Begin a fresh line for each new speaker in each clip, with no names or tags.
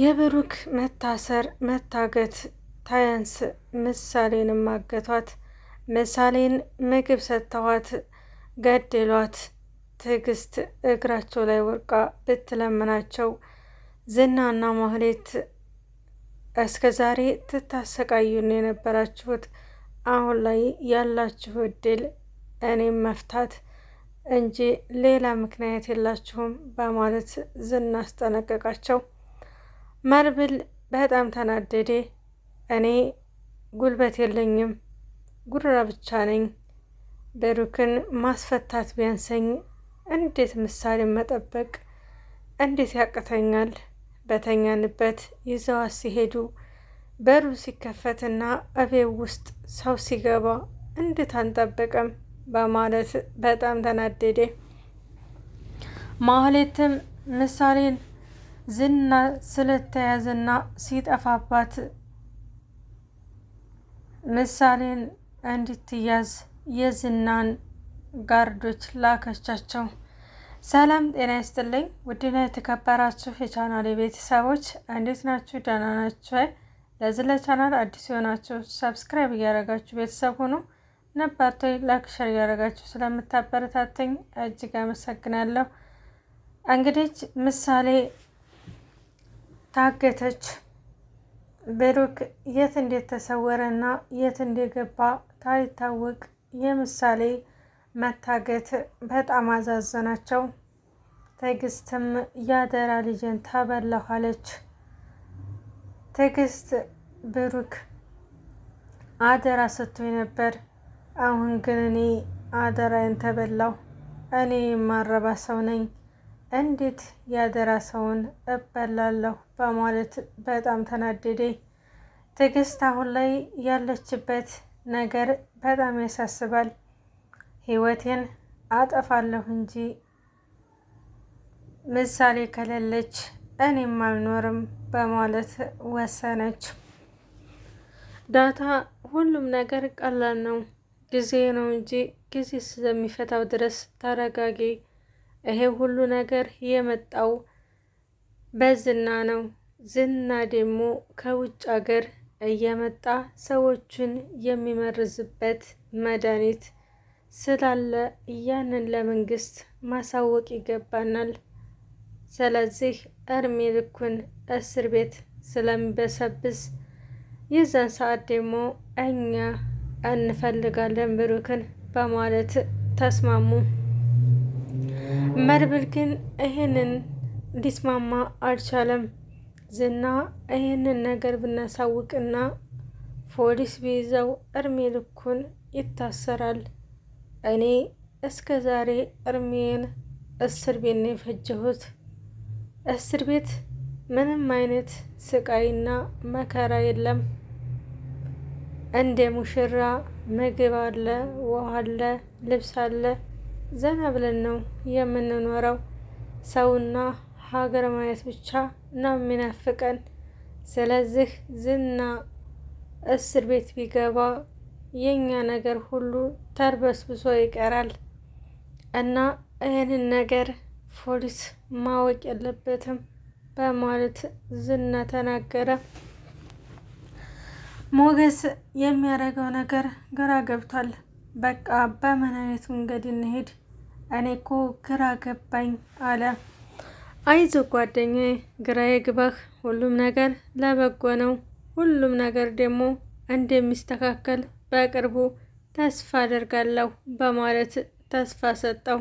የብሩክ መታሰር መታገት ታያንስ ምሳሌን ማገቷት ምሳሌን ምግብ ሰጥተዋት ገድሏት ትዕግስት እግራቸው ላይ ወርቃ ብትለምናቸው ዝናና ማህሌት እስከ ዛሬ ትታሰቃዩን የነበራችሁት አሁን ላይ ያላችሁ እድል እኔም መፍታት እንጂ ሌላ ምክንያት የላችሁም በማለት ዝና አስጠነቀቃቸው። መርብል በጣም ተናደደ። እኔ ጉልበት የለኝም፣ ጉራ ብቻ ነኝ። ብሩክን ማስፈታት ቢያንሰኝ እንዴት ምሳሌ መጠበቅ እንዴት ያቅተኛል? በተኛንበት ይዘዋት ሲሄዱ በሩ ሲከፈትና እቤት ውስጥ ሰው ሲገባ እንዴት አንጠበቀም በማለት በጣም ተናደደ። ማህሌትም ምሳሌን ዝና ስለተያዘና ሲጠፋባት ምሳሌን እንድትያዝ የዝናን ጋርዶች ላከቻቸው። ሰላም ጤና ይስጥልኝ። ውድና የተከበራችሁ የቻናል ቤተሰቦች እንዴት ናችሁ? ደህና ናችሁ? ለዚህ ለቻናል አዲስ የሆናችሁ ሰብስክራይብ እያደረጋችሁ ቤተሰብ ሁኑ። ነባርቶይ ላክሸር እያደረጋችሁ ስለምታበረታተኝ እጅግ አመሰግናለሁ። እንግዲህ ምሳሌ ታገተች። ብሩክ የት እንደተሰወረ እና የት እንደገባ ታይታወቅ የምሳሌ መታገት በጣም አዛዘናቸው። ትዕግስትም ያደራ ልጅን ታበላኋለች። ትዕግስት ብሩክ አደራ ሰጥቶኝ ነበር፣ አሁን ግን እኔ አደራዬን ተበላሁ። እኔ የማረባ ሰው ነኝ እንዴት ያደራ ሰውን እበላለሁ በማለት በጣም ተናደደ። ትዕግስት አሁን ላይ ያለችበት ነገር በጣም ያሳስባል። ህይወቴን አጠፋለሁ እንጂ ምሳሌ ከሌለች እኔም አልኖርም በማለት ወሰነች። ዳታ ሁሉም ነገር ቀላል ነው፣ ጊዜ ነው እንጂ ጊዜ እስከሚፈታው ድረስ ተረጋጊ ይሄ ሁሉ ነገር የመጣው በዝና ነው። ዝና ደግሞ ከውጭ ሀገር እየመጣ ሰዎችን የሚመርዝበት መድኃኒት ስላለ ያንን ለመንግስት ማሳወቅ ይገባናል። ስለዚህ እርሜ ልኩን እስር ቤት ስለሚበሰብስ የዛን ሰዓት ደግሞ እኛ እንፈልጋለን ብሩክን በማለት ተስማሙ። መድብል ግን ይሄንን ሊስማማ አልቻለም። ዝና ይህንን ነገር ብናሳውቅና ፖሊስ ቢይዘው እርሜ ልኩን ይታሰራል። እኔ እስከ ዛሬ እርሜን እስር ቤት ነው የፈጀሁት። እስር ቤት ምንም አይነት ስቃይና መከራ የለም። እንደ ሙሽራ ምግብ አለ፣ ውሃ አለ፣ ልብስ አለ። ዘና ብለን ነው የምንኖረው። ሰውና ሀገር ማየት ብቻ ነው የሚናፍቀን። ስለዚህ ዝና እስር ቤት ቢገባ የኛ ነገር ሁሉ ተርበስብሶ ይቀራል እና ይህንን ነገር ፖሊስ ማወቅ የለበትም በማለት ዝና ተናገረ። ሞገስ የሚያደርገው ነገር ግራ ገብቷል። በቃ በምን አይነት መንገድ እንሄድ? እኔ እኮ ግራ ገባኝ አለ። አይዞ ጓደኛዬ፣ ግራ የግባህ፣ ሁሉም ነገር ለበጎ ነው። ሁሉም ነገር ደግሞ እንደሚስተካከል በቅርቡ ተስፋ አደርጋለሁ በማለት ተስፋ ሰጠው።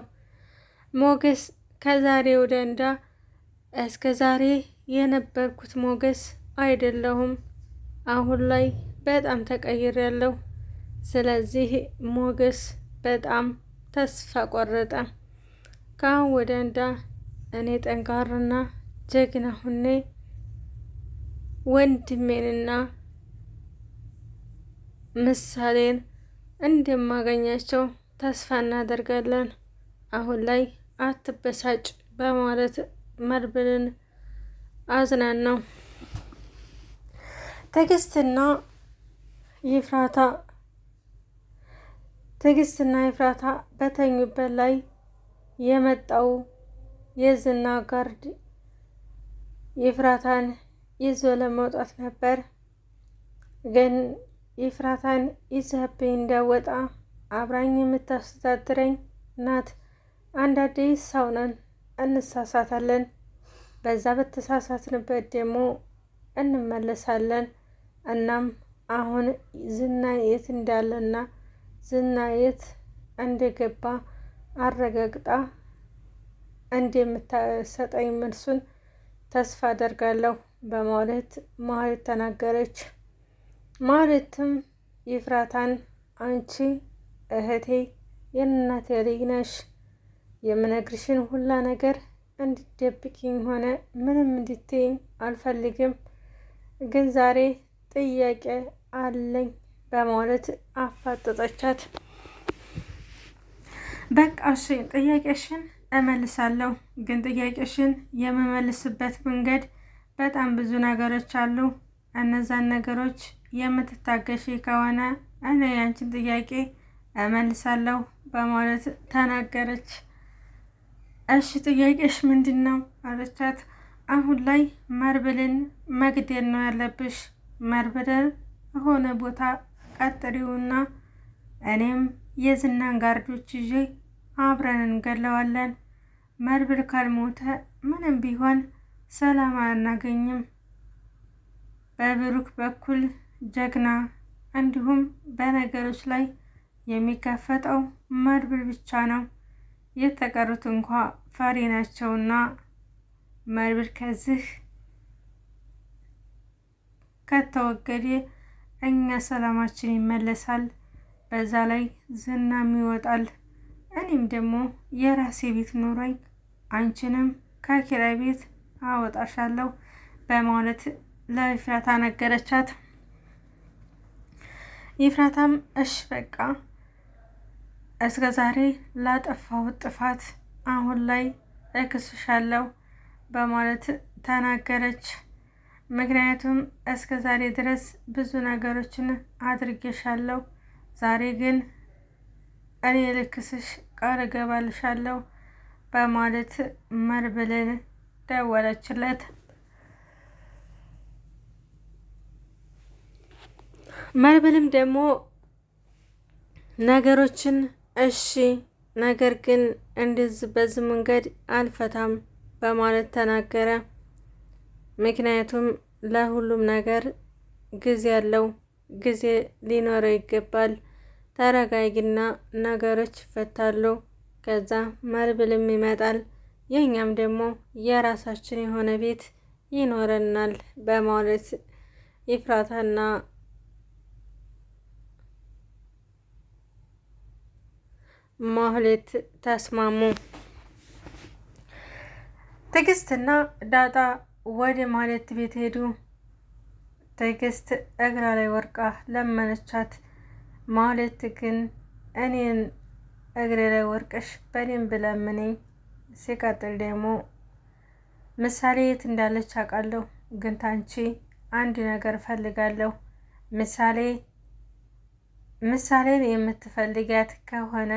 ሞገስ ከዛሬ ወደ እንዳ እስከ ዛሬ የነበርኩት ሞገስ አይደለሁም። አሁን ላይ በጣም ተቀይሬያለሁ። ስለዚህ ሞገስ በጣም ተስፋ ቆረጠ። ከአሁን ወደ እንዳ እኔ ጠንካራና ጀግና ሁኔ ወንድሜንና ምሳሌን እንደማገኛቸው ተስፋ እናደርጋለን። አሁን ላይ አትበሳጭ በማለት መርብልን አዝናን ነው። ትዕግስትና ይፍራታ ትዕግስትና ይፍራታ በተኙበት ላይ የመጣው የዝና ጋርድ ይፍራታን ይዞ ለመውጣት ነበር። ግን ይፍራታን ይዘህብኝ እንዳወጣ አብራኝ የምታስተዳድረኝ ናት። አንዳንዴ ሰው ነን፣ እንሳሳታለን። በዛ በተሳሳትንበት ደግሞ እንመለሳለን። እናም አሁን ዝና የት እንዳለና ዝና የት እንደገባ አረጋግጣ እንደምታሰጠኝ መልሱን ተስፋ አደርጋለሁ በማለት ማህሌት ተናገረች። ማህሌትም ይፍራታን አንቺ እህቴ የእናቴ ልጅ ነሽ፣ የምነግርሽን ሁላ ነገር እንድትደብቂኝ ሆነ ምንም እንድትይኝ አልፈልግም። ግን ዛሬ ጥያቄ አለኝ በማለት አፋጠጠቻት። እሺ ጥያቄሽን እመልሳለሁ፣ ግን ጥያቄሽን የምመልስበት መንገድ በጣም ብዙ ነገሮች አሉ። እነዛን ነገሮች የምትታገሽ ከሆነ እኔ ያንቺን ጥያቄ እመልሳለሁ በማለት ተናገረች። እሺ ጥያቄሽ ምንድን ነው አለቻት። አሁን ላይ መርብልን መግደል ነው ያለብሽ። መርብልን የሆነ ቦታ ቀጥሪውና እኔም የዝናን ጋርዶች ይዤ አብረን እንገለዋለን። መድብል ካልሞተ ምንም ቢሆን ሰላም አናገኝም። በብሩክ በኩል ጀግና እንዲሁም በነገሮች ላይ የሚከፈጠው መድብል ብቻ ነው። የተቀሩት እንኳ ፈሪ ናቸውና መድብል ከዚህ ከተወገደ እኛ ሰላማችን ይመለሳል፣ በዛ ላይ ዝናም ይወጣል። እኔም ደግሞ የራሴ ቤት ኖረኝ አንቺንም ከኪራይ ቤት አወጣሻለሁ በማለት ለይፍራታ ነገረቻት። ይፍራታም እሽ በቃ እስከ ዛሬ ላጠፋው ጥፋት አሁን ላይ እክስሻለሁ በማለት ተናገረች። ምክንያቱም እስከ ዛሬ ድረስ ብዙ ነገሮችን አድርጌሻለሁ። ዛሬ ግን እኔ ልክስሽ ቃል እገባልሻለሁ በማለት መርብልን ደወለችለት። መርብልም ደግሞ ነገሮችን እሺ፣ ነገር ግን እንደዚህ በዚህ መንገድ አልፈታም በማለት ተናገረ። ምክንያቱም ለሁሉም ነገር ጊዜ ያለው ጊዜ ሊኖረው ይገባል። ተረጋጊና ነገሮች ይፈታሉ። ከዛ መርብልም ይመጣል። የእኛም ደግሞ የራሳችን የሆነ ቤት ይኖረናል በማለት ይፍራታና ማህሌት ተስማሙ። ትዕግስትና ዳጣ ወደ ማለት ቤት ሄዱ። ትዕግስት እግራ ላይ ወርቃ ለመነቻት። ማለት ግን እኔን እግሬ ላይ ወርቀሽ በደንብ ለምነኝ፣ ሲቀጥል ደግሞ ምሳሌ የት እንዳለች አውቃለሁ፣ ግን ታንቺ አንድ ነገር እፈልጋለሁ። ምሳሌ ምሳሌን የምትፈልጊያት ከሆነ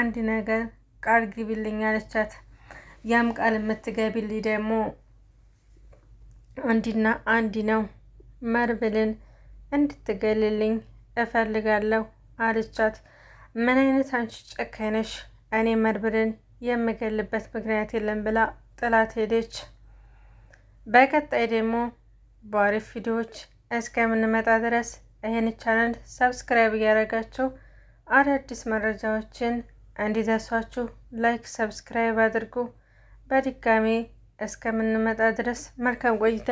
አንድ ነገር ቃል ግቢልኝ አለቻት። ያም ቃል የምትገቢልኝ ደግሞ አንድና አንድ ነው፣ መርብልን እንድትገልልኝ እፈልጋለሁ አለቻት። ምን አይነት አንቺ ጨካኝ ነሽ! እኔ መርብልን የምገልበት ምክንያት የለም ብላ ጥላት ሄደች። በቀጣይ ደግሞ በአሪፍ ቪዲዮዎች እስከምንመጣ ድረስ ይህን ቻናል ሰብስክራይብ እያደረጋችሁ አዳዲስ መረጃዎችን እንዲደርሷችሁ ላይክ፣ ሰብስክራይብ አድርጉ። በድጋሜ እስከምንመጣ ድረስ መልካም ቆይታ